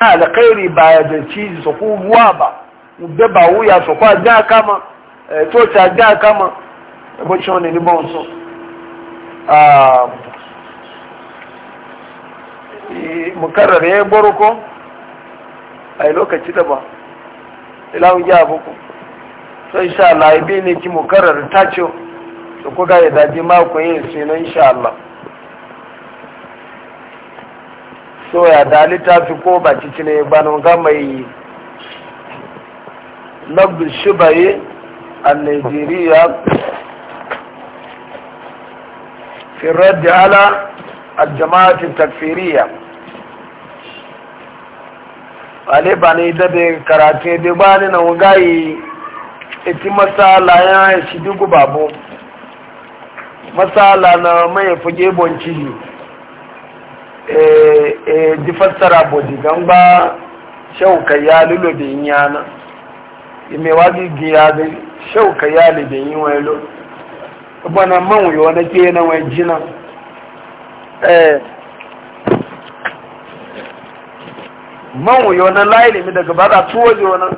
alkhairi ba da ci su ku buwa ba da ba wuya su kwa ja kama e, to ta ja kama ko e, ci wani ni bon so ah mukarrar ya boro ko a lokaci da ba ilawun ya buku so insha Allah ibi ne ki mukarrar ta ce su kuga ya daji mako yin sai na insha Allah soya ya da littafi ko ba cici ne gbanon ga mai nabdu shibaye a nigeria firar da ala a jama'atin takfiriya ale ba ni da da da ba ni na wugayi iti masala ya shi duk babu masala na mai fuge bonci E, e, di fassara bodi gamba shauka ya lulo da yin yana ime wagi giya da shauka ya lulo da yin wani lo bana man wuyo na ke na wani jina e, man wuyo na layi ne daga ba tuwo wani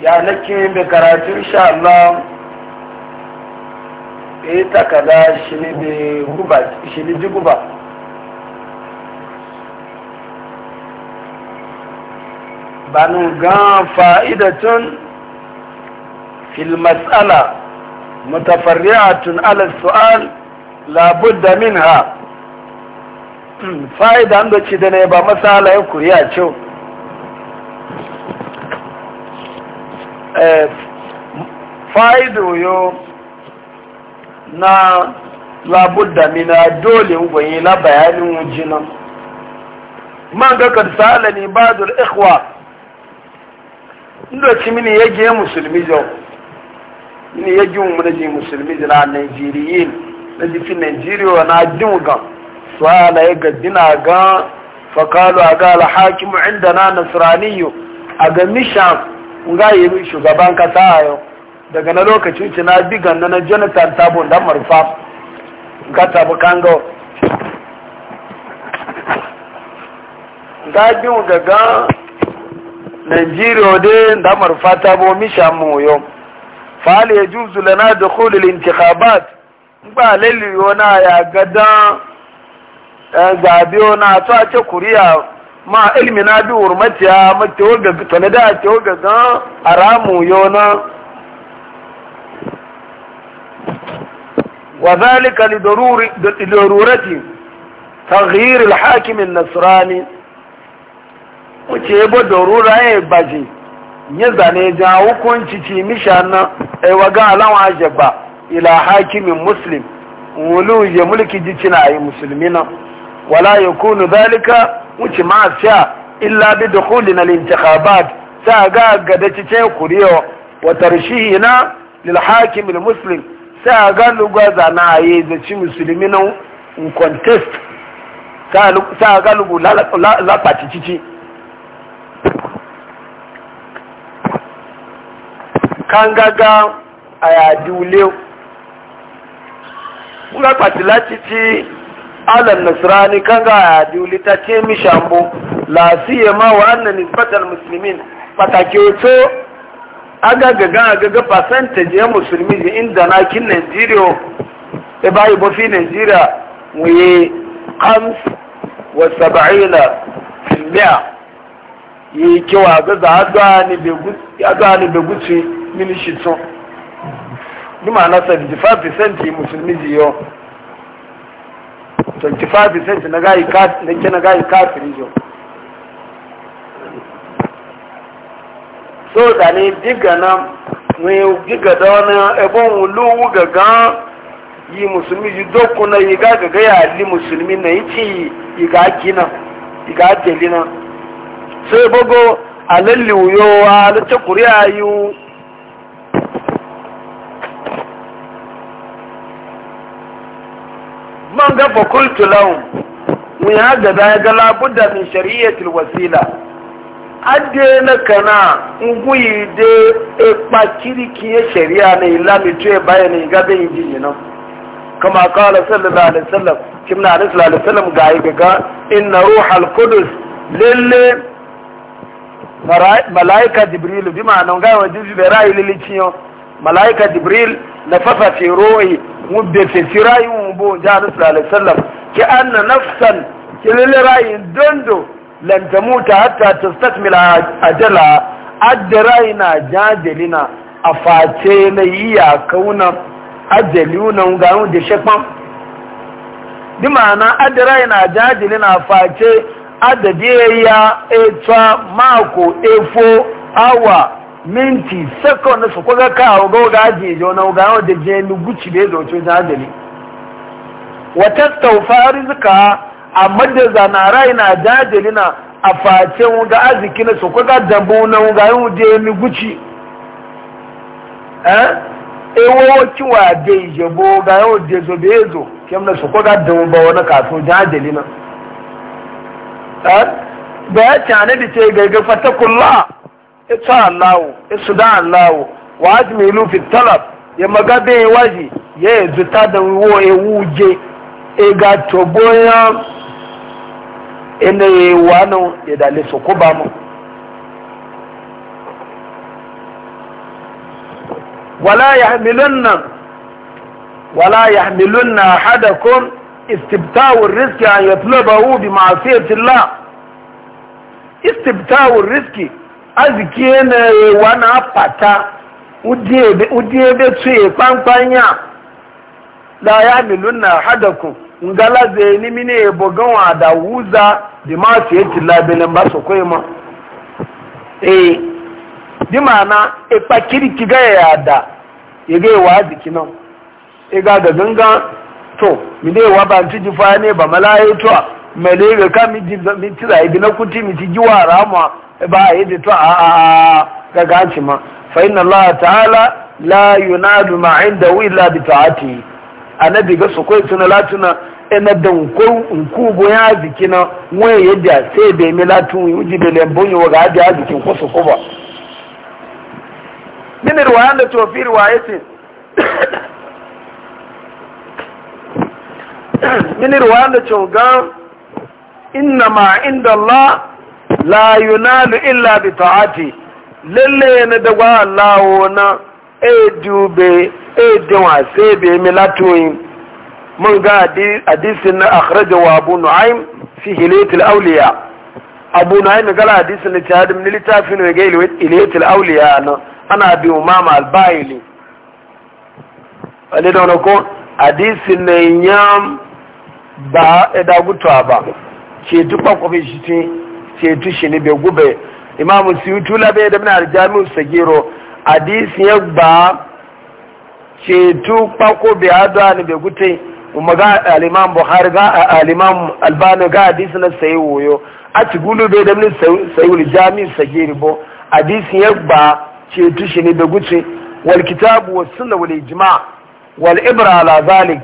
ya nake mai karatu insha Allah e takada shi ne ji guba banu gan fa'idatun fil mas'ala mutafarri'atun ala su'al min minha hmm, fa'ida da ci da ne ba masala ya kuriya cewa fa'ido yo na labudda mina dole gwaye la bayanin wujinan man ga karsala ne badul ikhwa inda ci mini yage musulmi jau mini yage mu da ji musulmi jira nigeriyin na ji fi nigeria na su ala ya gaddina ga fakalu a ga alhakimu inda na nasiraniyu a ga mishan nga yi shugaban kasa a yau daga na lokacin ci na digan na jonathan tabo da marfa ga tabu kango ga mu gaga nigeria de da marfa tabo misha moyo fali ya juzu lana da kulil intikhabat ba lalliyo na ya gada eh, zabe na to a ce kuriya ma ilmi na bi urmatiya mace waga tana da ce waga aramu yona wa zalika li darurati taghyir al hakim an nasrani wace ba darura ya baji ya zane ja hukunci ci mishana ai e waga alawa jaba ila hakimin muslim wulu ya mulki jicina ay muslimina wala yakunu zalika wuce ma sha illa bi dukhulin al-intikhabat sa ga ga da cice kuriyo wa tarshihina lil hakim al muslim sa ga lugwa na yi da ci musulmi na in contest sa ga lugu la pati cici kan gaga a yadi wule. Wula pati la cici alan nasrani kan ga a diuli ta ce mi shambo la siya ma wa annan nisbatar musulmin pataki oto aga gaga agaga percentage ya musulmi ji inda na kin nigeria e ba yi bofi nigeria wuye kams wa saba'ila filmiya yi kewa gaza aga ni beguci mini shi tun ni ma na 75% musulmi ji yau 25% na gayi kafiri na gayi kafiri jo so da ne diga na mai diga da wani ebon wulu gaga yi musulmi ji doku na yi gaga ga ya li musulmi na yi ci yi ga gina yi ga jeli na sai bago alalli wuyowa da ta kuriya yi من قف قلت لهم وهذا بعد لا بد من شرية الوسيلة أدينا كنا نقول إيه كيري كي شريعة إلا متوه باين إيه قابل إنجينا كما قال صلى الله عليه وسلم كما نعرف صلى الله عليه وسلم قائبه قال إن روح القدس للي ملائكة جبريل بما أنه قائبه جبريل للي تيو malaika jibril na fasa fi rohi mudda fi firayi mumbo jihar sallallahu sallam ki na nafsan ki rayin dondo lan tamuta hatta a jala adda rayina jajalina a face na yi ya kauna na gano da shekpan di ma'ana adda rayina jajalina a face adadi ya etuwa mako efo awa minti second su ka a ga ga ajiye wani ga da je luguci da ya zoce jadali wata taufa rizika a madaza na rai na jadali na a face ga arziki na su kuga dabu na ga yin je luguci eh ewo kiwa da ijebo ga yin je zo da zo kem na su kuga dabu ba wani kaso jadali na eh ba ya a nadi ce gaggafa ta kullah ita allahu isu da allahu wa ajmilu fi talab ya maga be waji ya ezuta da wo ewuje e ga toboya ene wano ya dale sokoba mu wala yahmilunna wala yahmilunna ahadakum استبتاء الرزق أن يطلبه بمعصية الله استبتاء الرزق azikie na-ewa na-apata ụdị ebe tụye kpamkpanye a da ya milu na hadaku ngalaze nimi ebo bogon ada wuza di ma ce yi labelin ba su kwaye ma eh di mana ipa kirki ga ya da ya ga ewa aziki na ịga ga ga ganga to mi ne wa ba ci na ne ba malayi to mai ne ga ka mi ci zai na kuti mi ci giwa rama ba a yi da to a ga gaci ma fa inna Allah ta'ala la yunadu ma indahu illa bi ta'ati annabi ga su kai tuna latuna ina da ko ku bo ya zikina ya yadda sai be mi latun yuji da lembon yo ga da zikin ko su ko ba min riwayan da to fi ce? min riwayan da to ga inna ma inda Allah la yunalu illa bi ta'ati lalle da gwa Allah na e dube e dinwa sai mi latoyin mun ga hadisi na akhraja wa abu nu'aym fi hilayatil awliya abu nu'aym ga hadisin na tahadim ta litafin ne ga hilayatil awliya na ana bi umama al ale wale ko hadisi ne yam ba e gutwa ba ke dukkan kwafi shi ce shi ne bai gube imamu suyutu bai da muna aljami'u sagiro hadisi ya ba ce tu kpako bai adwa ni bai gute umaga alimam buhari ga alimam albani ga hadisi na sayi woyo a ci gulu bai da muna sayi wuli jami'u bo hadisi ya ba ce shi ne bai gute wal kitabu wa sunna wal ijma wal ibra ala zalik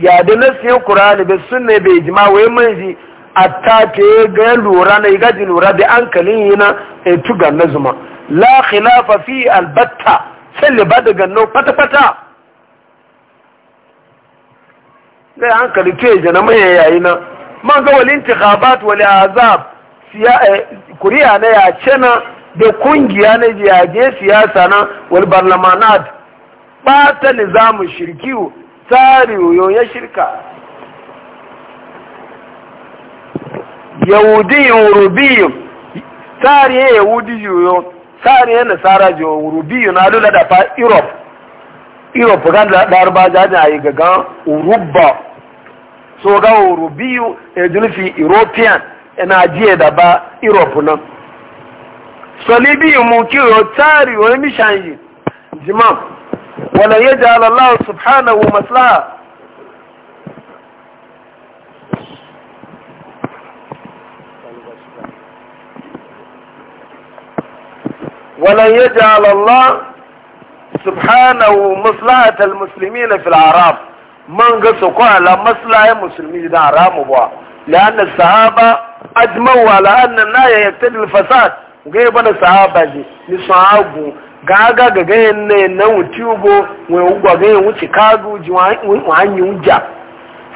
ya da nasiyan qur'ani bai sunna bai ijma wai manzi atta te ga lura na ga lura da hankalin yana e tuga na zuma la khilafa fi albatta sai ba da pata pata da hankali te ga na mai yayi na man ga wal intikhabat wal azab siya e, kuriya na ya cena da kungiya na jiyage siyasa na wal barlamanat bata nizamin shirkiyu tsari yoyon ya shirka yahudiyin rubiyin sari ya yahudi yoyo tsari ya nasara jo rubiyin na lula da fa europe europe kan da darba jajin a yi gagan urubba so ga rubiyu ya julfi european yana jiye da ba europe nan salibi mu kiyo tsari wani mishan yi jimam wala ya ji alallahu wa maslaha ولن يجعل الله سبحانه مصلحة المسلمين في العرب من قصوا على مصلحة المسلمين في العرب لأن الصحابة أجمعوا على أن النهي يقتضي الفساد غير بنا الصحابة دي لصحابه gaga ga gayen ne na wuce ugo wani ugwa gayen wuce kagu ji wani wujja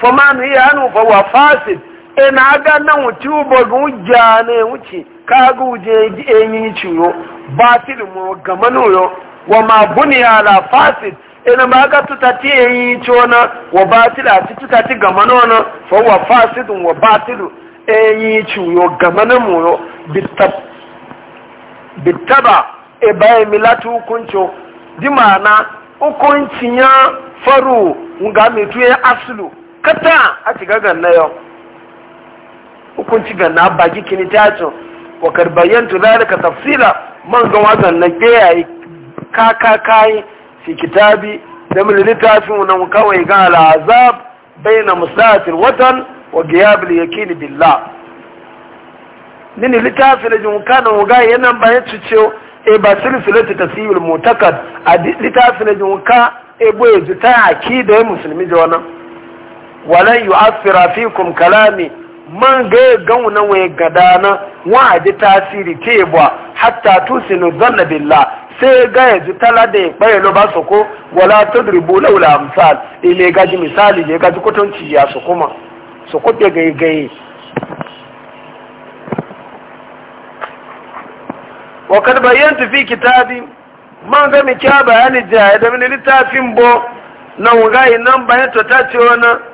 fa ma nu iya hannu fa wa fasid ina ga nan wuce ugo ga wujja ne wuce kaga uje ji enyi ciwo batil mu ga manuyo wa ma buniya ala fasid ina ma ga tutati enyi ciwo na wa batil a tutati ga manona fa wa fasidun wa batilu enyi ciwo ga manamu yo bitab bitaba e baye milatu hukunco di ma'ana hukuncin ya faru ga metu ya e asulu kata a ci gagan na yau hukunci ga na bagi kini ta wa kad bayyantu tafsila man ga na kiyaye ka ka kai fi kitabi da mun litafin mun kawai ga al'azab baina musafir watan wa giyab al yakin billah nini litafin jin kana ga yana bayan cewa e ba silsilatu tasiyul mutakad a litafin jin ka e boye ta akida musulmi da wannan walan yu'athira fikum kalami man ga gauna na waye gada na wa ji tasiri ke bwa hatta tusinu zanna billah sai ga ya ji tala da ya lo ba su ko wala tudribu laula amsal ile eh, ga ji misali je ga kutunci ya su kuma su kuɗe gaye gaye wa kad bayyantu fi kitabi man ga mi kya bayani jaya da min littafin bo na wuga nan bayan ta ta ce wannan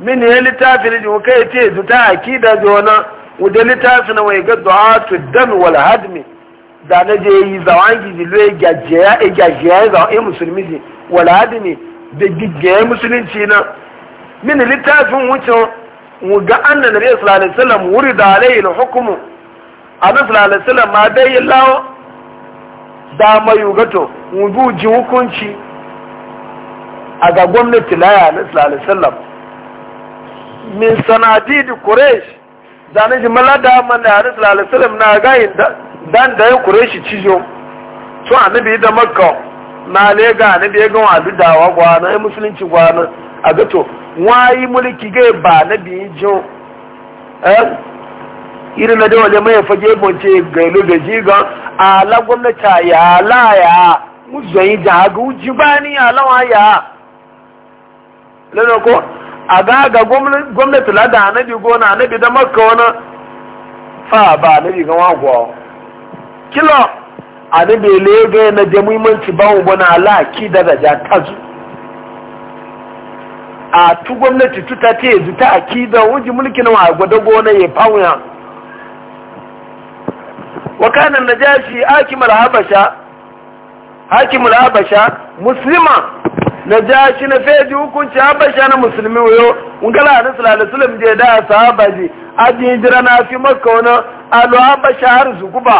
min ya littafi ne ko kai ce su ta akida jona wuda littafi na wai ga du'atu dan wal hadmi da na je yi zawangi ji loye gajiya e gajiya za e musulmi ji wal hadmi da giggaye musulunci na min littafin wuce wuga annan nabi sallallahu alaihi wasallam wurida alaihi al annabi sallallahu alaihi wasallam ma dai lawo da mai yugato ji hukunci a ga gwamnati laya na sallallahu alaihi wasallam min sanadidi quraish zane ji malada man da hadis al-salam na ga inda dan da quraish cijo to annabi da makka na lega ga annabi ga wadu dawa gwana ai musulunci gwana a ga to wayi mulki ga ba nabi jo eh irin na da wale mai fage bonce ga lo da jiga ala gwamnati ya la ya muzoyi da ga uji bani ala wa ya lana ko a ga ga gwamnati lada anabi gona anabi da maka wani fa ba anabi ga wagwa kilo anabi lega na da muhimmanci ba mu bana ala ki da raja tazu a tu gwamnati tu ta yanzu ta akida wuji mulki na wa gwada gona ya fawuya wa kana najashi akimul habasha hakimar habasha muslima na ja shi na feji hukunci bashi na musulmi wuyo ngala na sulala sulam je da sahaba ji aji jira na fi makka wani alu habasha har zuku ba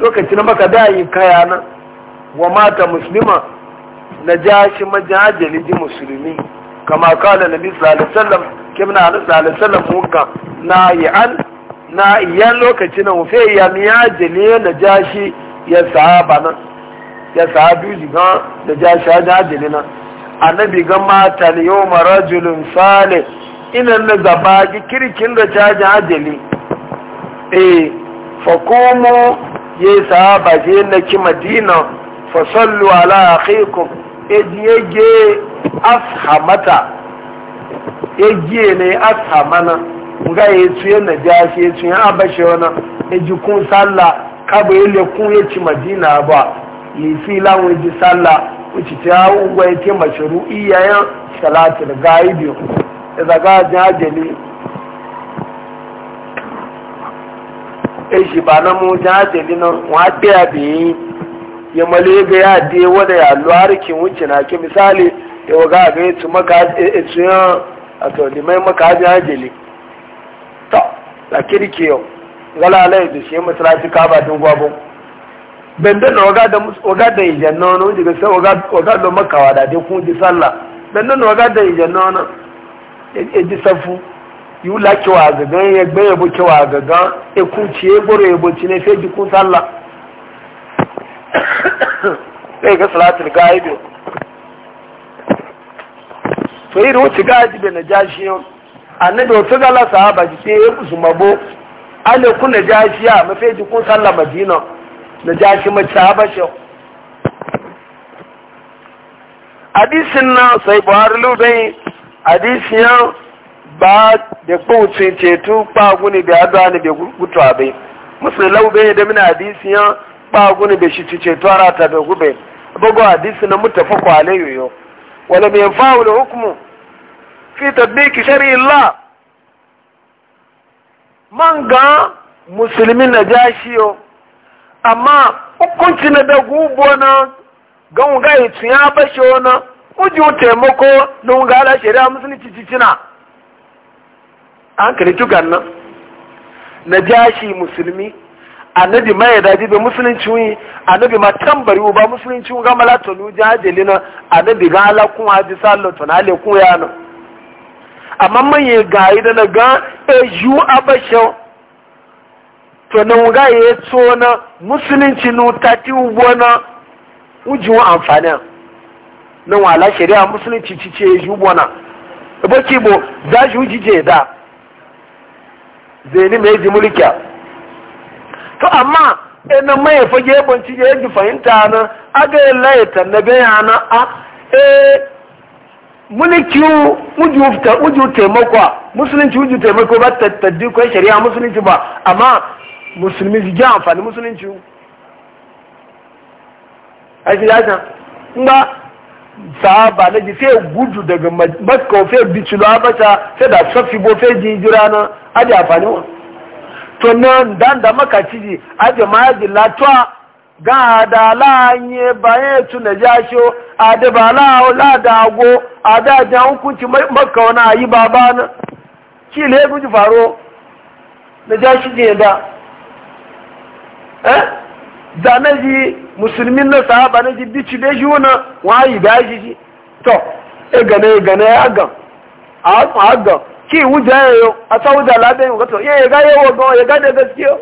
lokaci na maka da yi kaya na wa mata muslima na ja shi majajali ji musulmi kama kala na bi sulala wasallam kim na sallallahu sulala wasallam muka na yi an na iya lokaci na wufe ya miya jali na ja shi ya sahaba na ya sahabi jigan da ja sha adini na annabi ga mata ne yau marajulun sale inan na zaba ki kirkin da cajin adini e eh, fakomo ya yi sahaba je na ki madina fasallu ala akhikum ejiyege ashamata ejiye ne ashamana nga ya e tuye na jashi ya e tuye abashe ji ejikun sallah kaba ya lekun ya ci madina ba lifi lawon ji sallah wuce ta gwai ke mashiru iyayen salatul gaibi da ga jajali e shi ba na mu jajali na wa biya biyi ya male ga ya de wada ya luwarki wuce na ke misali ya waga ga ya tuma ka a tsuya a to mai maka jajali ta la kirki yau gala da shi masalaci ka kaba dun gwabon bende na oga da oga da ijan nono wanda ga sai oga oga lo makawa da dai kun ji sallah bende na oga da ijan nono e, e ji safu yu la ki wa ga ga ye gbe ye bo ki wa ga ga e ku ci e goro e bu ci ne fe ji kun sallah sai e ga salatul gaibi to yi irin wuce gaji da najashi yau annabi wasu gala sahaba ji sai ya kusu mabo ale kun najashi ya mafi ji kun sallah madina da ja shi mace habashe hadisin na sai buhari lube hadisiyan ba da kowace ceto kpaguni da adwa ne da gutu abe musulun laube da mina hadisiyan kpaguni da shi ceto rata da gube bugu hadisi na mutafa kwale yoyo Wale mai fa'ula hukumu fi tabbiki la. man ga musulmi na yau. amma hukunci na da gubo na gan ga yi ya bashi wani ujin taimako don gala shari'a musulunci cicina an kare tukan nan na jashi musulmi annabi mai ya daji bai musulunci wuyi annabi ma tambari ba musulunci wuyi gama latonu jajali na annabi ga alakun haji sallatu na alekun yana amma manye gayi da na ga eju abashin to nan ga ya tso na musulunci nu ta ti ugbo na uji wa amfani na wala shari'a musulunci ci ce ji ugbo na e ba ki bo za ji uji je da zeni mai ji mulkiya to amma e ina mai fage banci ya ji fahimta na aga yin layata na bayana a eh mulki uju taimakwa musulunci uju taimako ba tattaddi shari'a musulunci ba amma musulmi su ji amfani musulunci aiki ya can a sahaba na ji sai gudu daga makka fai bicilo abata sai da sofi bo fai jinjira na amfani wọn. to nan dan da makaci ji aji ma ga da lanye bayan tu na jasho ade ba la la da ayi na zanaji musulmin na sahaba na jiddi ci da juna wayi da jiji to e gane gane ya ga a a ga ki wuja yo a ta wuja labe yo to ye ga ye wo go ye ga da gaskiyo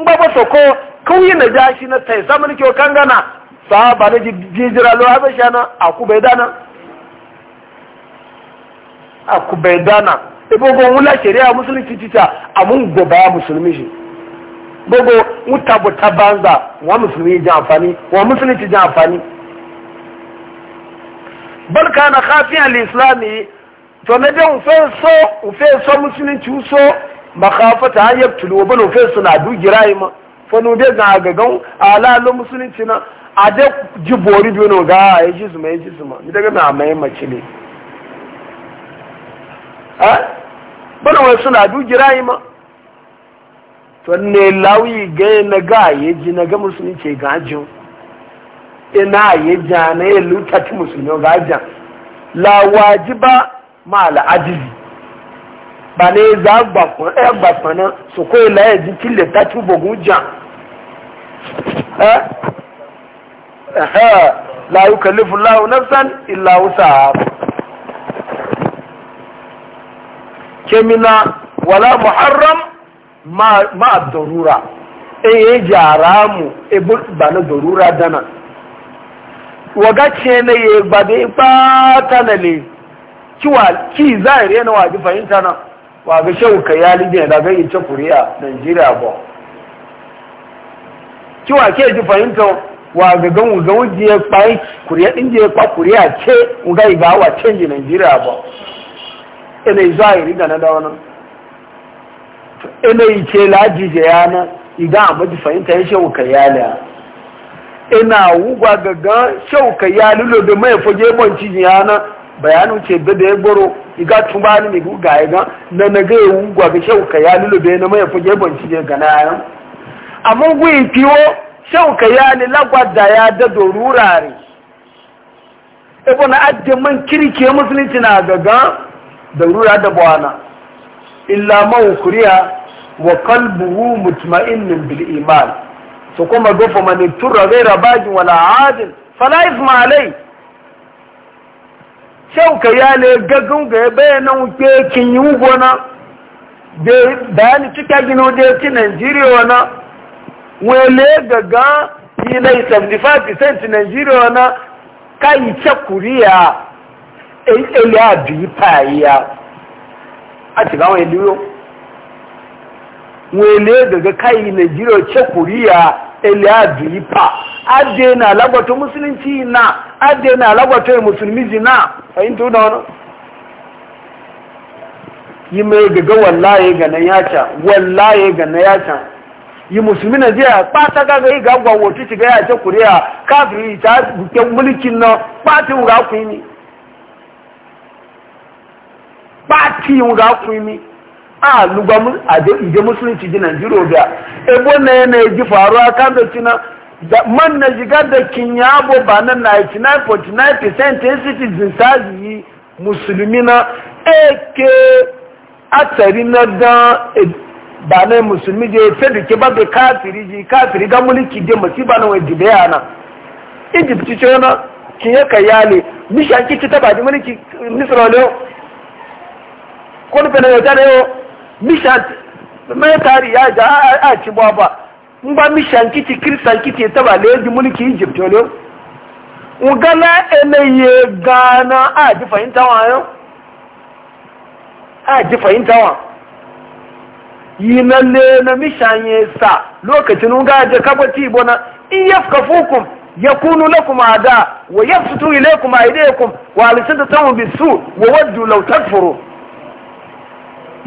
ngba ba so ko kauye na shi na tai zaman ki kan gana sahaba na jiddi jira lo habasha na akubaidana akubaidana ibogo wula shari'a musulunci tita amun goba musulmi shi bogo wuta buta banza wa musulmi ji amfani wa musulunci ji amfani barka na khafiyan lislami to na dai ufe so ufe so musulunci so makafata an yabtulu wa bal ufe suna dugira yi ma fanu dai ga gagan alalu musulunci na a dai ji bori biyu no ga ya ji su ma ya ji su ma daga na mai mace ne bana wani suna dugira yi ma to ne lawi ga na ga ya ji na ga musulmi ce gajin ina ya ja na ya luta ti musulmi gajan la wajiba ma al'ajizi ba ne za a eh, gbafana su kawai la ya ji kille ta ci bugun jan eh? eh, la yukallifu lahu nafsan illa wusa kemina wala muharram ma darura eye jara mu ebe ba na darura dana waga ce na ye ba da tanale na ki zahiri na waji fahimta na waga shauka ya libya da ga ita kuriya nigeria ba kiwa ke ji fahimta ga gan wuga wuji ya kpai kuriya ɗin je ya kpa kuriya ce wuga igawa canji nigeria ba ene zahiri da na da wani yi ce laji da yana idan a maji fahimta ya shewu ka yali ina wugwa gaga shewu ka yali lo da mai fage bonci yana bayanu ce da ya gboro iga tuba ni mai guga ya ga na na ga ya wugwa ga shewu ka yali lo da na mai fage bonci ya gana ya amma gwi kiwo shewu ka yali lagwada ya da rurare ebona na ajiyar man kirke musulunci na gaga darura da bwana illa man kuriya wa qalbuhu mutma'innin bil iman to kuma gofa mani turra ghaira bajin wala adin fala isma alai ka ya ne ga ya bayyana wuke kin yi gona bayani cika gino da ya ci Najeriya wana wele gaga yi na 75% Najeriya wana kai ce kuriya ele adui paa ya a akyerɛ wɔn eli wo wɔn ele gege kai nigeria kyɛ korea ele adui paa ade na alagbato musulunci na ade na alagbato musulmi na ayi ntu na ɔno yi mai gaga wallaye ga na wallaye ga na yi musulmi na jiya kpata gaga yi ga gwagwatu shiga yace kuriya kafiri ta buken mulkin na kpatin ga ku kpati wọn ga kun mi a lugba mu ade ije musulunci ji nigeria obiya ebo na ya na eji faruwa kan da cina da man na jiga da kinya abo ba na 99.9 percent ya yi musulmi na eke atari na da ba na musulmi je fedu ke ba be kafiri ji kafiri ga mulki de masiba na wai dibe yana egypt ci na kinya kayale bishan kici ta ba di mulki misra leo kóni fẹ̀lẹ̀ yọ̀já ne o mission mẹ́tàrí ya jà a ci bọ́ ba n ba mission kìtì kírísàn kìtì ya taba lè di mulki egypt ne ń gana ye gana a ji fahimta wa yau á ji fahimta wa yi na le na mission ya sa lokacin ga je kabati ibo na in yafka fukum yakunu lakum ada wa yabsutu ilaykum aydayakum wa alisatu tamu bisu wa waddu law furu.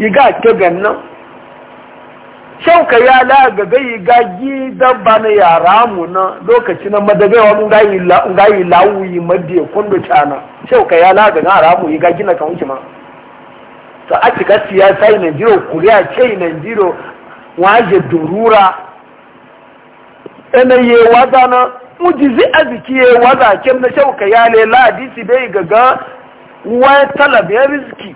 yi ga ke gannan shauka ya ga yi ga gidan ba na yara mu na lokaci na madagawa mun ga yi lawuyi madiya kundu cana shauka ya lagaga yara mu yi ga gina kan wuce ma ta a cika siyasa yi nigeria kuriya ce yi nigeria waje durura ɗanaye wata na mujizi arziki ya waza kem na shauka ya lela disi bai gaga wani talabiyar ya rizki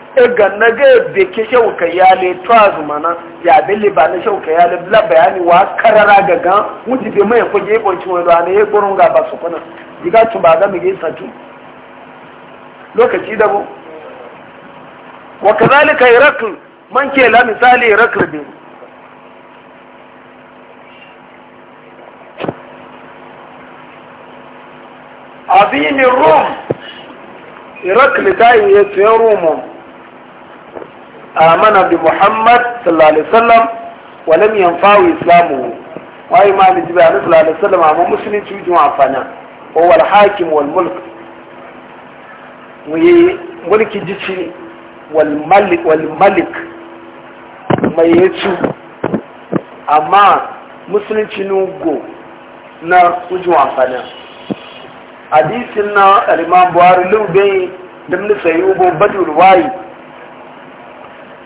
na ga ke shauka ya le tuwazu mana ya bele ba na shauka ya le bla bayani wa karara ga gan wuji bai mai kwaje bonci wani da ne ya gurin ga ba su kuna diga tun ba ga mu yi satu lokaci da mu wa kazalika irakl man ke la misali irakl bin azimin rum irakl ta yi ya tuyen mu. amana bi muhammad sallallahu alaihi wasallam wa lam yanfa'u islamuhu wa imani bi annabi sallallahu alaihi wasallam amma musulunci jin amfana wa wal wal mulki jici wal malik wal malik mai yacu amma musulunci nugo na ujun amfani hadisin na al-imam buhari lubin da mun sayi ubo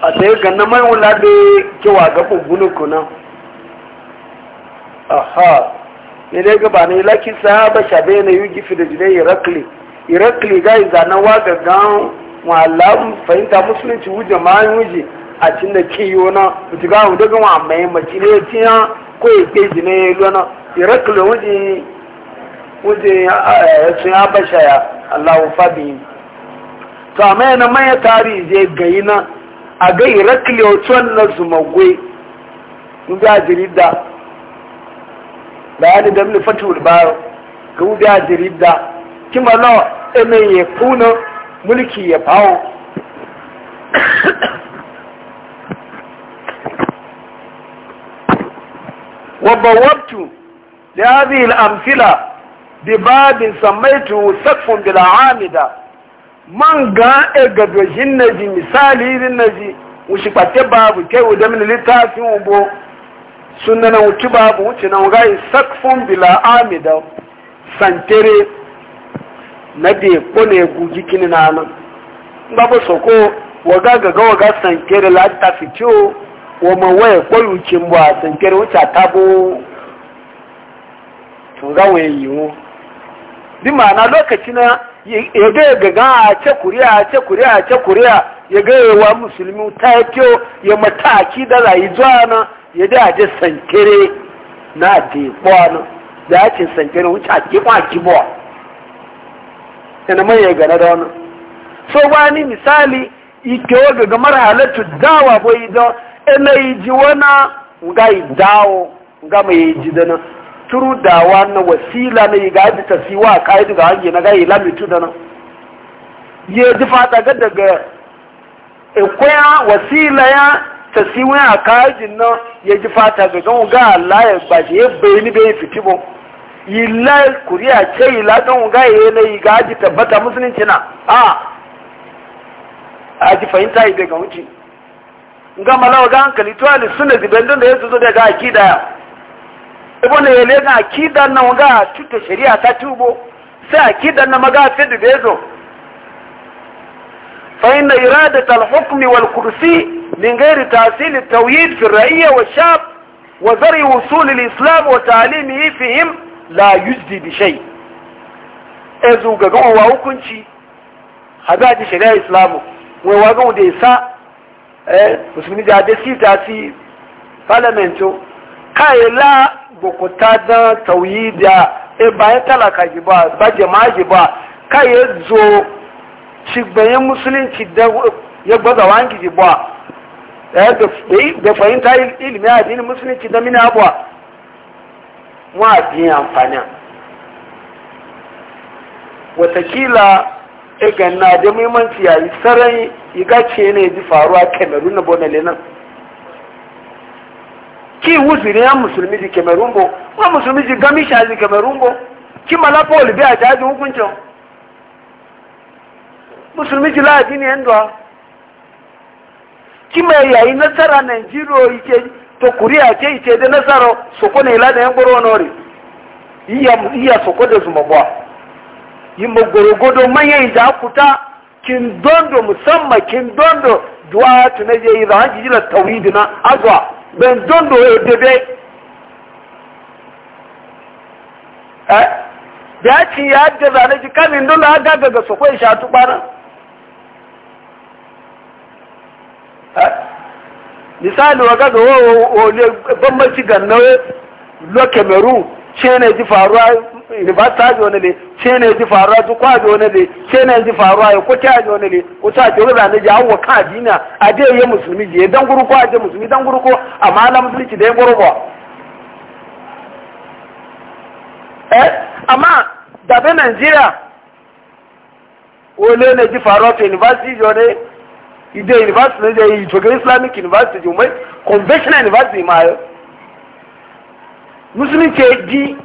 a àti gànà mẹ́rin lábẹ́ kí wà gàpọ̀ ko náà aha ne dai gaba ne laki sahaba shabe ne yuji fi da jide irakli irakli ga izana wa ga gan wallahu fahimta musulunci wuje ma wuje a cin da ke yi wani wuce ga hudu ga wa mai maci ne tiya ko ya ke jine ya yi wani irakli wuje wuje ya sun ya basha ya allahu fadi to amma yana mai tarihi je gayi na a ga irakliyoton na zumagwai guda jirida bayani da mini fatul bayan guda jirida kima na emir ya kuna mulki ya fawo wabawabtu da ya zai al'amfila da babin samaitu sakfun bil'amida man ga egado jin na ji misali irin na ji wuce kpate babu ke wuda mini littafin ubo suna na wuce babu wuce na wuga sakfun bila amida santere na de ko ne guji kini na nan ba ba waga gaga waga santere la ta fitiyo wa ma waye ko yuce a santere wuce tabo to ga waye yiwu bi ma'ana lokaci na ya ga a ce kuriya a ce kuriya a ce kuriya ya ga yawa musulmi ta kyau ya mataki da rayu zuwa na ya da aje sankere na de kwano da ya ce sankere wuce a kima a ki yana mai ya gana da wani so wani misali ike wa gaga mara halittu dawa bai da ina yi ji wana nga yi dawo nga mai yi ji da na turu da na wasila na yi gaji ta siwa a kayi ga hange na gayi tu da nan ya ji fata ga daga ikwaya wasila ya ta siwa a ka'idun nan ya ji fata ga gan ga Allah ya ba shi ya ni bai fiti ba yi la kuriya ce yi la gan ga ya na yi gaji tabbata musulunci na a a ji fahimta yi daga wuce ga malawa ga hankali tuwa ne suna zibendun da ya zo daga akida ya ibn yale na akidan nan ga tuta shari'a ta tubo sai akidan nan maga fi da bezo fa inna iradat al-hukm wal kursi min ghairi tahsil at-tawhid fi ar-ra'iyya wa shab wa zari wusul al-islam wa ta'limihi fihim la yujdi bi shay ezu ga wa hukunci hadaji shari'a islamu wai wa ga da isa eh musulmi da da sita si parliamento kai la bukuta da tauyi da e bayan talaka ji ba ba jama'a ji ba ka ya zo cigbayin musulunci da ya gbaza wangi ji ba e, da fahimta ilimin addinin musulunci da mini abuwa wa biyan amfani watakila igan e ganna da muhimmanci yi sarai ya gace ne ya ji faruwa kamerun na bonale nan ki wuziri ya musulmi ji kemerun bo wa musulmi ji gamisha sha ji kemerun bo ki malapo olibi a jaji hukuncin musulmi ji laadi ne ndwa ki mai yayi nasara nigeria ike to kuriya ke ike da nasaro soko ne la da yan goro nori iya iya soko da zuma bwa yi magorogodo manyan ija kuta kin dondo musamman kin dondo duwa tunaje yi za a jijila tawhidi azwa bendondo edede eh da ci ya gaza na ji kamin dole aga gaga ga kwai shatu tuba na misali wa gaza wo le bambanci gannawe lo cameroon ce ne ji faruwa university wani ne sai ne ji faruwa ji kwaji wani ne sai ne ji faruwa ya kwace aji wani ne wata a kiro da ne ji awwa kan adina a dai ya musulmi je dan guru ko aje musulmi dan guru ko amma ala musulunci da ya guru ba eh amma da be Nigeria wole ne ji faruwa to university jo ne ide university ne je itoge islamic university jo conventional university ma yo musulunci ji e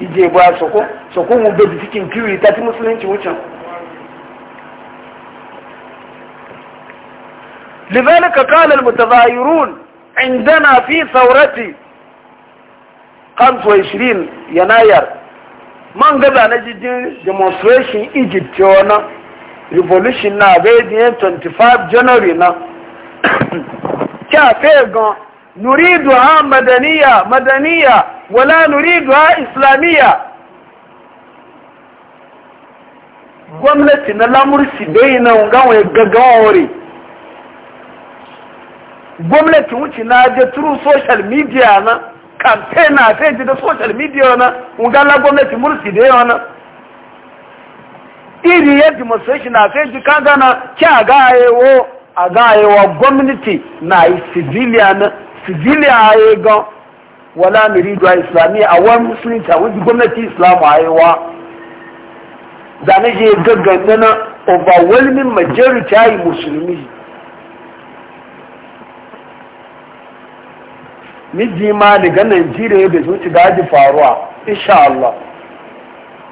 ije ba soko soko mu be di cikin kiri ta ti musulunci wucin لذلك قال المتظاهرون عندنا في ثورة 25 يناير man gaza na jijin demonstration egypt na revolution na abediyan 25 january na kyafe gan nuridu ha madaniya madaniya wala nuriduha islamiyya gwamnati na lamurci bai na gawai gaggawar gwamnati wuce na je turu social media na campaign a feji da social media na ngala gwamnati murci da yawa na iri ya demonstration na feji kan gana ki a gayewo a gayewa gwamnati na civilian civilian ya gan wala miridu islamiyya a wani musulunci a wajen gwamnati islamu ayewa da na je gagganda na overwhelming majority yi musulmi miji ma daga najeriya da zuci da haji faruwa insha Allah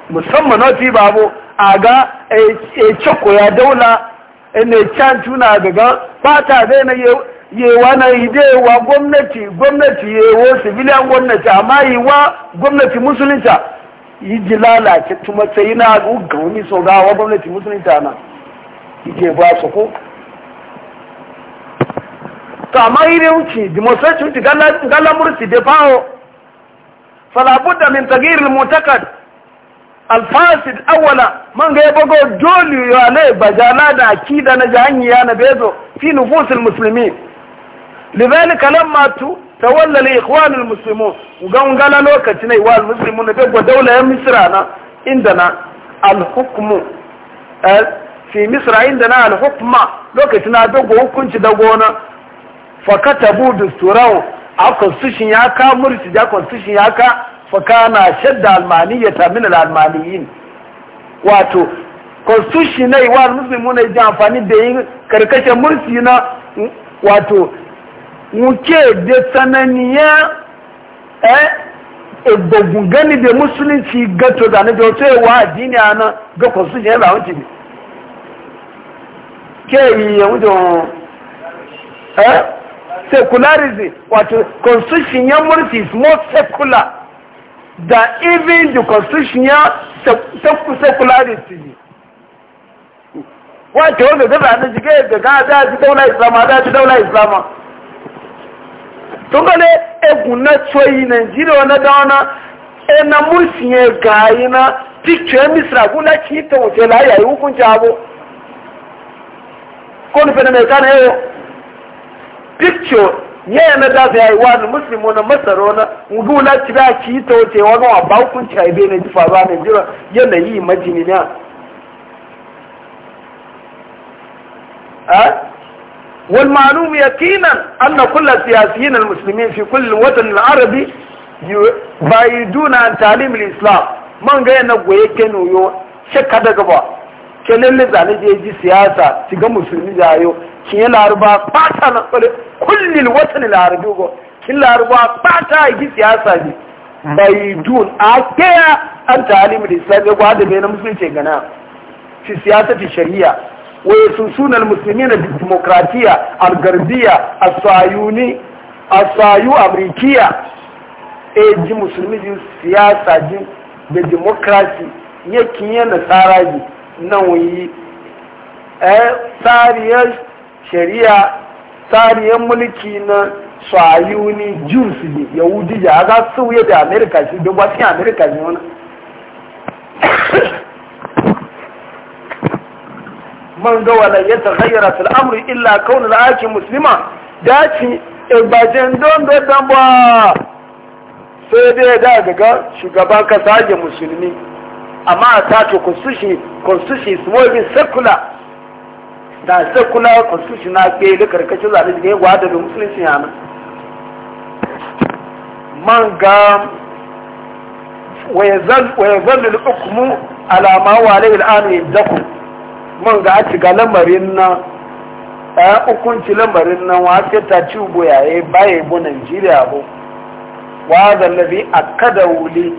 musamman na fi babu a ga a cakko daula ne can tuna daga fata zai na yau yewa na idewa gwamnati gwamnati wo civilian gwamnati amma yiwa gwamnati musulunta yi ji lalace tuma sai na ga wani ga wa gwamnati musulunta na ike ba su ko to amma yi ne wuce demonstration ti galamurci da fawo falabuda min tagirin mutakad alfasid awala man ga yabo bago dole yana bajala da akida na jahanniya na bezo fi nufusul muslimin lidhalika lamma tu tawalla li ikhwanul muslimun ugan lokaci lokacin ai wal muslimun da go daular misra na indana al eh, fi misra indana al hukma lokacin da go hukunci da gona fa katabu dusturahu a constitution ya ka murci da constitution ya ka fa kana shadda ta min almaniyin wato constitution ne wal muslimun ne ji amfani da yin karkashin murci na wato wuce da tsananiya eh egbogun gani da musulunci gato da na da wato yawa addini a nan ga kwasu ne ba wuce ke yi ya wuce eh secularism wato constitution ya murphy is more secular than even the constitution ya secularity ne wato wanda gaba na jiga ga ga da ji daula islama da ji daula islama tungale egun na tsoyi nigeria na dauna e na mursiye gayi na picture misra gula ki ta wuce la yayi hukunci abu ko ni fena mai kana yau picture ye na da yi yayi wani muslimu na masaro na gula ki da ki ta wuce wani wa ba hukunci ai bai na ji faruwa nigeria yanayi majinina a والمعلوم يقينا أن كل سياسيين المسلمين في كل وطن العربي يبايدون عن تعليم الإسلام من غير نقوي كانوا يو شك هذا كبا كلن لزالي جيجي سياسة تيغا مسلمي جايو كي العربة باتا نقول كل الوطن العربي كي العربة باتا يجي سياسة جي بايدون أكيا عن تعليم الإسلام islam ya gwada bai na musulunci gana fi ويسوسون المسلمين بالديمقراطية الغربية الصهيوني الصهيو أمريكية eji musulmi ji siyasa ji da demokrasi ya kinye da tsara ji nan wuyi tsariyar shari'a tsariyar mulki na swayuni jews ne yahudi ya ga su da amerika shi duk wasu amerika ne wani man ga wala ya taghayyara fil illa kaunul aki musulma dace ibajen don don ba sai dai da daga shugaban kasa ya musulmi amma a tato constitution constitution su more sekula da sekula constitution na ke da karkashin zaɓe da yi gwada da musulunci yana man ga wa yazallu zan hukmu ala alama wa alayhi al-amri Mun ga a shiga lamarin nan a hukunci lamarin nan wa ake ta ci ubo yaye baye bu nigeria bu wa zallabi a kada wuli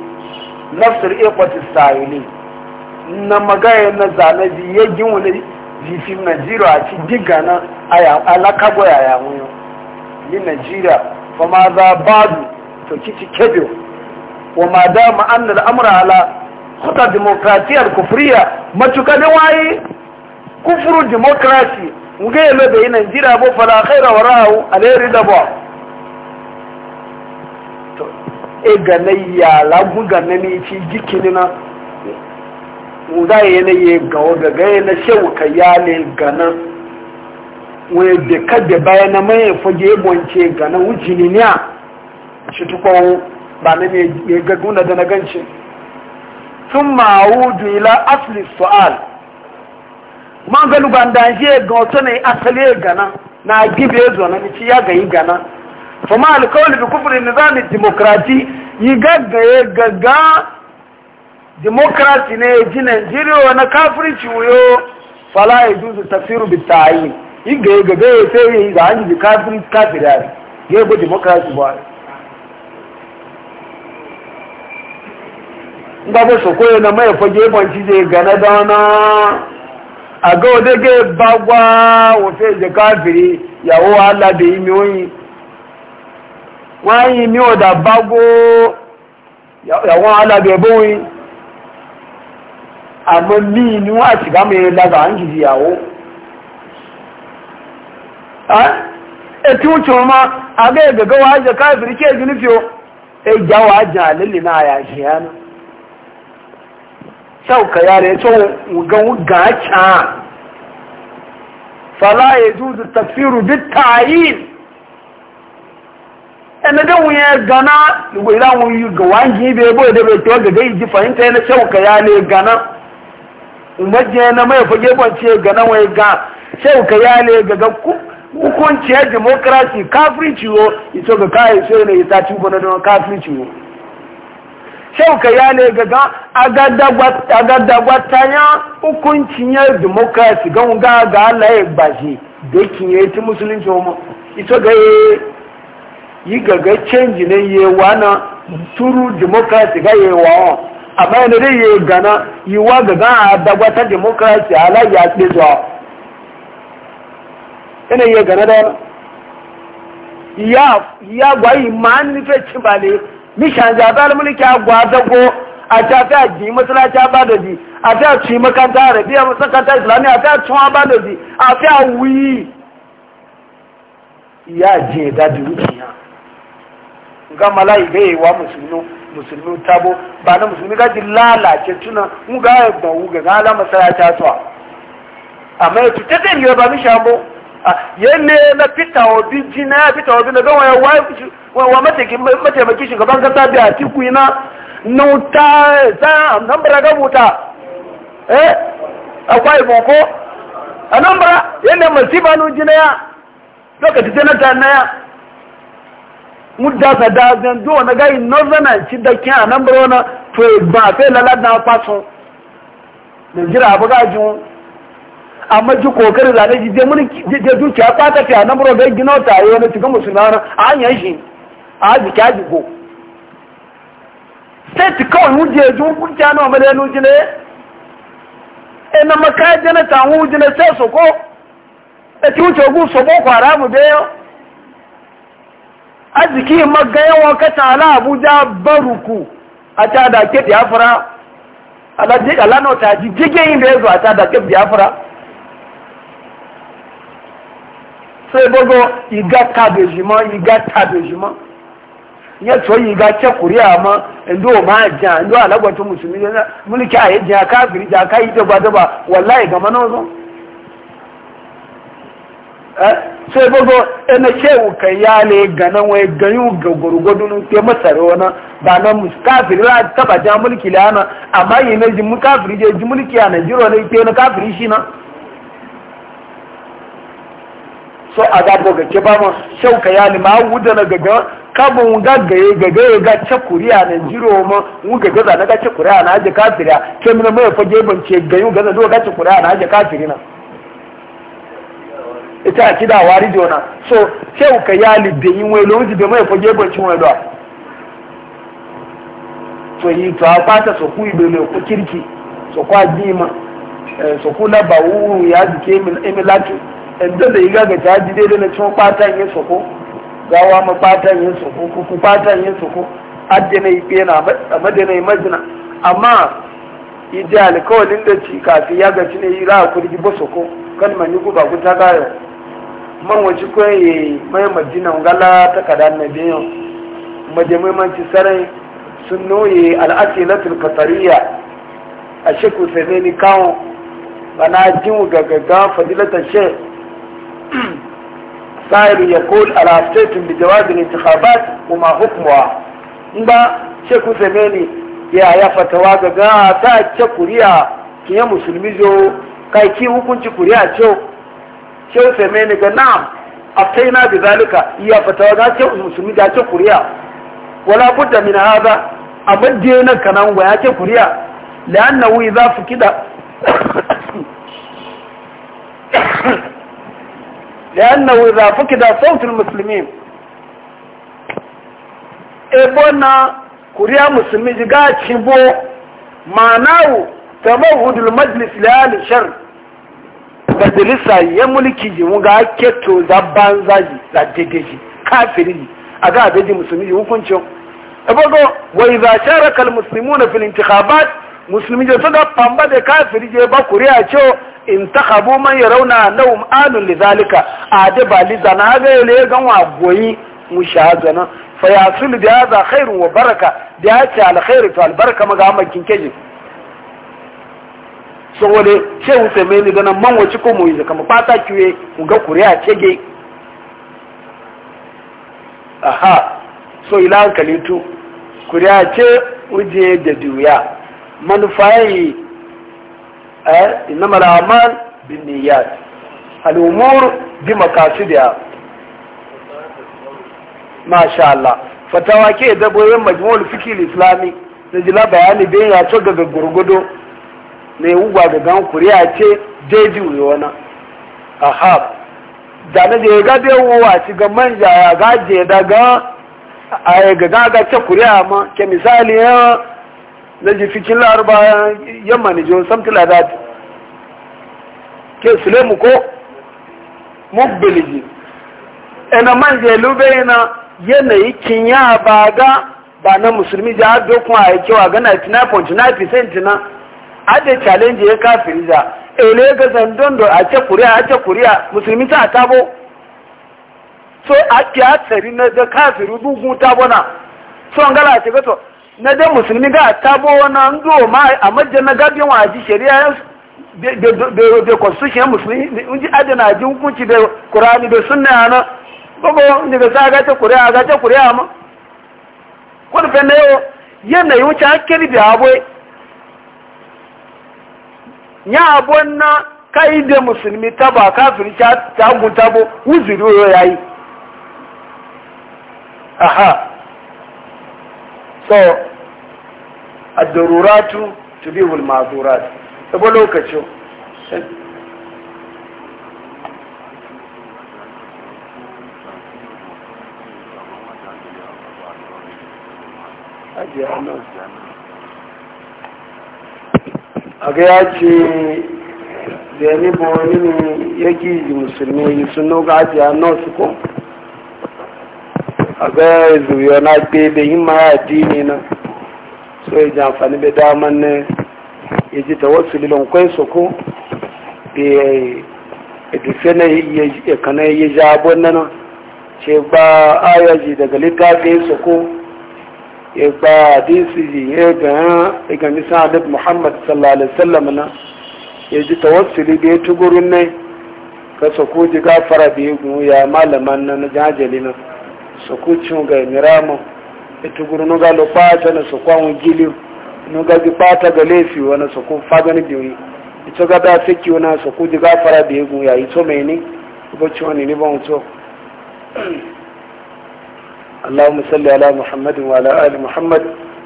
nafsir ekwati sayuli na magaya na zanabi ya gin wuli jifin nigeria a ci diga na alaka goya ya wuyo ni nigeria fa ma za badu to kici kebe wa ma dama annal al'amura ala kuta demokratiyar kufriya matuka da waye kufuru democracy nga yi be yi nigeria bo fala khaira wa a alayri da ba to e gane ya lagu gane ne ci jikini na nga ye na ye gawo o ga na shewu ka ya gana ga na deka de ka de baya na mai foje bonce gana na ne a shi tukwawo ba na ne ya da na ganci sun أعود إلى asli su'al mangalu bandanjiye ga wato asali gana na gibe zo na mici ya ga yi gana fama alkawali bi kufurin nizami demokrati yi gaggaye gagga demokrati ne ji nigeria na kafirci wuyo fala ya juzu tafsiru bi ta'ayi yi ga yi gaggaye ya sai yi ga an yi kafirin kafirari ya yi demokrati ba ngabo sokoyo na mai fage banci je gana da àgọ́ òdégé bá gbá òfin ìjẹ ìyàwó alábẹ̀ ìmì oyin wọ́n ní ọ̀dà bá gbó ìyàwó alábẹ̀ ẹ̀bọ́win àmọ́ ní wọ́n àti lágbà ń jìdí ìyàwó ẹ̀tí ó tún ma àgẹ́ ìgẹ̀gẹ́ àlẹ́lẹ́ náà ka yare to ga gacha fala duk ta yi ɗan da wuya gana ila wun yi ga wangi bai boy da bai to ga gai ji fahimta yana ka yare gana umaje na mai fage kwance gana wai ga ka yare ga ga hukunci ya demokrasi kafirci yo ito ga kayan sai na ita ta na don kafirci yo shauka ya ne gaga agadagwatanya hukuncin ya demokrasi ga wunga ga alaye ya bashi da kinye ti musulunci mu ito ga yi gaga canji ne wa wana turu demokrasi ga yi wa amma yana dai yi gana yi wa gaga adagwata demokrasi ala ya tsaye zuwa yana gana da ya gwayi ma an nufe cibale mishan zaɓe mulki a gwazago a ta fi ajiyi masalaci abadoji a fi a ci makanta arabiya masakanta islami a fi a cin abadoji a fi a wuyi ya je daji rukiya ga malai ga yiwa musulmi musulmi tabo ba na musulmi gaji lalace tuna mu ga ya gbawu ga ala masalaci a tuwa amma ya cuta tete yi ba mishan Ah, yalle na fita obi ji na fita obi na gawa wa mataimaki shugaban kasa da tiku na nauta za nambara gabuta eh akwai boko a nambara yalle masifa nu ji na ya lokaci janata na ya mudasa sa da zando na gai northern ci da kyan a nambara na to ba sai lalata na fasun jira abu gajin amma ji kokarin zane ji je mulki je dukiya ta ta fiya na muro ga gina ta yi wani tuka musulmana a hanyar shi a jiki a jiko sai ti kawai hujje ju kunciya na wamale nu jine e na maka jana ta hu jine sai soko e ti wuce gu soko kwara mu be yo a jiki magayen wakata ala abuja baruku a ta da ke biafra ala ta ji jige yin da ya zo a ta da ke biafra so ebogo iga kabeji ma iga kabeji ma nye to iga ce kuriya ma ndo ma ja ndo alagwato musulmi ne mulki ayi ja ka giri ja ka yi daba daba wallahi ga mana zo eh so ebogo ene shewu kai ya le gana wai ganyu ga gurgudun ke masare wana ba na kafiri ra taba ja mulki lana amma yi ne ji mu kafiri je ji mulki a Najeriya ne kafiri shi sai a zaɓo ga ke ba mu shau ka yali ma wuda na gaga kabun gaggaye gaga ya ga ce kuriya ne jiro mu mu gaga za na ga ce kuriya na aje kafira ke mun mai fage ban ce gayu gaza do ga ce kuriya na aje kafirina ita a akida wari jona so shau ka yali da yin wai lokaci da mai fage ban ci wani da so yi to a fata so ku ibele ku kirki so kwa jima eh, so ku labawu ya dike emilatu ẹjọ́ lè yíga gẹ̀tẹ́ ajídé lẹ́nu tí wọ́n pátá yẹn sọ̀kọ́ gawa mu pátá yẹn sọ̀kọ́ kúkú pátá yẹn sọ̀kọ́ adẹ́nà ìpé na àmọ́dẹ́nà ìmọ́jìnà àmọ́ ìdí àlìkọ́ọ̀lì ńlẹ̀ tì kàfi yága tí ne yíra kan mà ní gúbà kú tágáyọ̀ man wace ko ye mai madina ngala ta sarai sun noye al'asilatul qatariya bana sahib yakul ala fito tun bai jawabinta harvard kuma hukumawa kuma sheikhsu ya me ni ya fatawa ga a ka cewa kuri'a kin musulmi kyau kai ki hukunci kuri'a kyau ka je ka me ni ka na aftai na kabila yana fatawa kuri'a kuma ya fatawa kai ya ce kuri'a. wala ku taimina adar a madina na kanangu ya ce kuri'a da hannan wuya لأنه إذا فقد صوت المسلمين إبونا كوريا مسلمي جغا تشبو معناه تموهد المجلس لأهل الشر majalisa ya mulki ji mu ga keto za banza ji za dede ji kafiri ji a ga abin musulmi ji hukuncin ebogo wa idza sharaka al muslimuna fil intikhabat musulmi je to da pamba de kafiri je kuriya cho in habu man yarawna annahum alun da ade baliza na ga ne gan wa goyi sha mushahadana fa da bi hadha khairu wa baraka da ya ce alkhairu to albarka maga makin keji so wale ce wuce mai ni ganan man wace ko mu yi zaka mafata kiwe mu ga kuriya cege aha so ila hankali tu kuriya ce wuje da duya manufa yi إنما الأعمال بالنيات الأمور بمقاصدها ما شاء الله fatawa ke daboyin majmuwar fikir islami na jila bayani bayan ya ce daga gurgudo na yi ugwa ga gan kuriya ce daidai wuyo wani ahab da na je ga bai wuwa ci ga manja ya gaje daga a ga gaga ce kuriya ma ke misali ya eh, na jifikin laraba yamma ne jiwon something like that ke sulemu ko mubbiliji ena man je lube na yanayi kinya ba ga ba na musulmi ja dokun a yake wa ga 99.9% na ade challenge ya ja ele ga zandon do a ce kuriya a ce kuriya musulmi ta tabo so a kiya tsari na da kafiru dugun tabona so an gala ce ga na dai musulmi ga tabo wana ndo ma a majjan na gabi wa ji shari'a da constitution musulmi in ji adana ji hukunci da kurani da sunna na babu daga sa ga ta kuri'a ga ta kuri'a ma kun fa ne yanayi wuce hakkiri da abai ya abon na kai da musulmi ta ba kafin ta gunta bo wuzuri yo yayi aha so addururatu daruratu tubihu al-ma'durat sabo lokacin a ga ya ce da ya nibo wani ne ya gizi musulmi yi sun noga ajiye a nasu kuma a ga ya zuwa na gbebe yi ma ya dini na so ya jamfani be bai daman ne ya ji ta wasu lilon kwai soko da dufe na ya kana ya ji abon nan ce ba ji daga littafin soko ya ba hadisi ji ya ga ga nisan adab muhammad sallallahu alaihi wasallam na ya ji ta wasu da ya tugurin ne ka soko ji gafara biyu ya malaman na jajali na soko cin ga miramun ituguru nuga lo pata na so kwa ngilio nuga bi pata lefi wana so ko ni biwi ito ga da fiki wana so ku diga fara bi egun ya ito meni bo chwani ni bon to اللهم صل على محمد وعلى آل محمد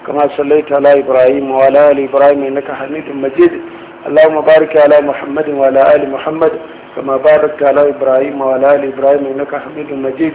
كما صليت على إبراهيم وعلى آل إبراهيم majid حميد مجيد اللهم بارك على محمد وعلى آل محمد كما باركت على إبراهيم وعلى آل إبراهيم إنك حميد مجيد